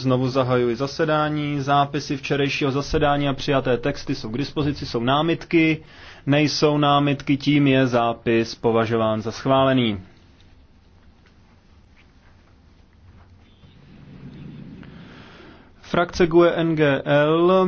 Znovu zahajuji zasedání. Zápisy včerejšího zasedání a přijaté texty jsou k dispozici, jsou námitky. Nejsou námitky, tím je zápis považován za schválený. Frakce GUE NGL